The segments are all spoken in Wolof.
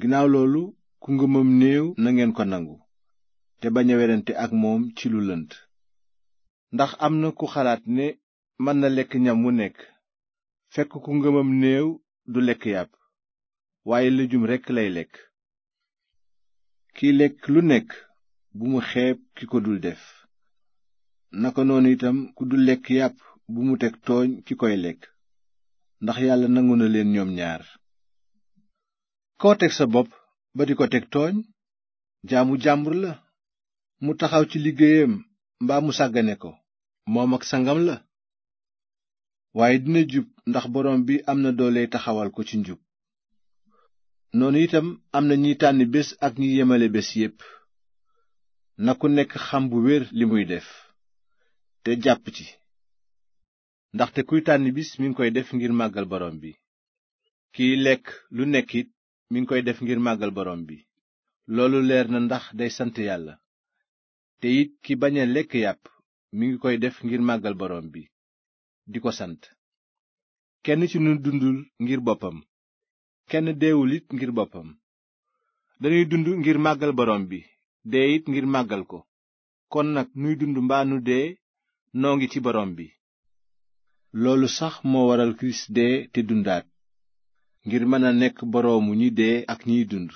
ginnaaw loolu ku ngëmam néew na ngeen ko nangu te bañ a werante ak moom ci lu lënt ndax am na ku xalaat ne mën na lekk ñam wu nekk fekk ku ngëmam néew du lekk yàpp waaye lëjum rekk lay lekk kiy lekk lu nekk bu mu xeeb ki ko dul def naka noonu itam ku dul lekk yàpp bu mu teg tooñ ki koy lekk ndax yàlla nangu na leen ñoom ñaar koo teg sa bopp ba di ko teg tooñ jaamu jàmbur la mu taxaw ci liggéeyam mbaa mu sàggane ko moom ak sangam la waaye dina jub ndax boroom bi am na doole taxawal ko ci njub noonu itam am na ñiy tànn bés ak ñi yemale bés yépp na ku nekk xam bu wér li muy def te jàpp ci ndaxte kuy tànni bis mi ngi koy def ngir màggal boroom bi kiy lekk lu nekkit mi ngi koy def ngir màggal borom bi loolu leer na ndax day sant yàlla te it ki bañ a lekk yàpp mi ngi koy def ngir màggal borom bi di ko sant kenn ci nu dundul ngir boppam kenn deewul it ngir boppam dañuy dund ngir màggal borom bi dee it ngir màggal ko kon nag nuy dund mbaa nu dee noo ngi ci borom bi loolu sax moo waral kirist dee te dundaat ngir mën a nekk boroomu ñi dee ak ñiy dund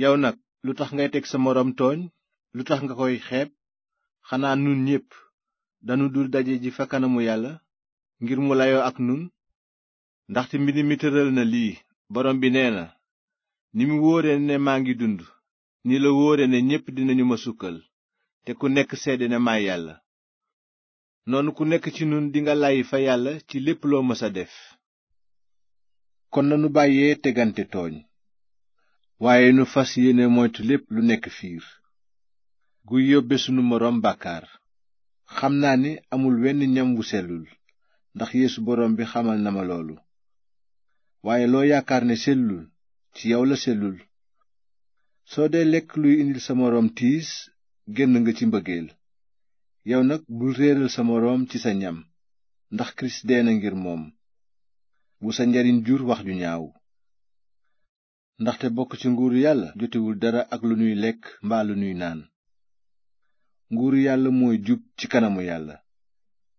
yow nag lu tax ngay teg sa moroom tooñ lu tax nga koy xeeb xanaa nun ñépp dañu dul daje ji fa kanamu yàlla ngir mu layoo ak nun ndaxte mbind mi tëral na lii borom bi nee na ni mu wóore ne maa ngi dund ni la wóore ne ñépp dinañu ma sukkal te ku nekk seede ne maay yàlla noonu ku nekk ci nun dinga lay fa yàlla ci lépp loo mës a def kon nanu bàyyee tegante tooñ waaye nu fas yéene moytu lépp lu nekk fiir guy yóbbe sunu moroom bàkkaar xam naa ni amul wenn ñam wu sellul ndax yeesu boroom bi xamal na ma loolu waaye loo yaakaar ne sellul ci yow la sellul soo dee lekk luy indil sa moroom tiis génn nga ci mbëggeel yow nag bul réeral sa moroom ci sa ñam ndax kirist dee na ngir moom bu sa njariñ jur wax ju ñaaw ndaxte bokk ci nguuru yàlla jotewul dara ak lu nuy lekk mbaa lu nuy naan nguuru yàlla mooy jub ci kanamu yàlla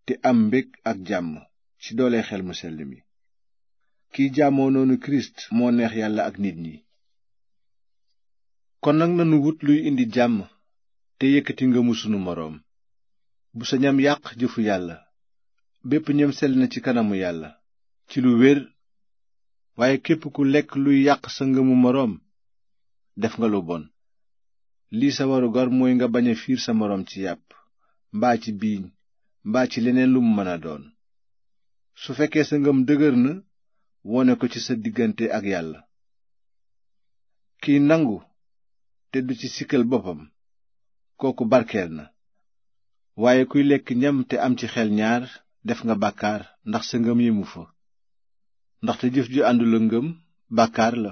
te am mbég ak jàmm ci doole xel mu sell mi kiy jaamoo noonu kirist moo neex yàlla ak nit ñi kon nag nanu wut luy indi jàmm te yëkkati mu sunu moroom bu sa ñam yàq jëfu yàlla bépp ñam sell na ci kanamu yàlla ci lu wér waaye képp ku lekk luy yàq sa ngëmu moroom def nga lu bon lii sa waru mooy nga bañ a fiir sa moroom ci yàpp mbaa ci biiñ mbaa ci leneen lu mu mën a doon su fekkee sa ngëm dëgër na wone ko ci sa diggante ak yàlla kiy nangu te du ci sikkal boppam kooku barkeel na waaye kuy lekk ñam te am ci xel ñaar def nga bàkkaar ndax sa ngëm mu fa ndaxte jëf ju àndul ak ngëm bàkkaar la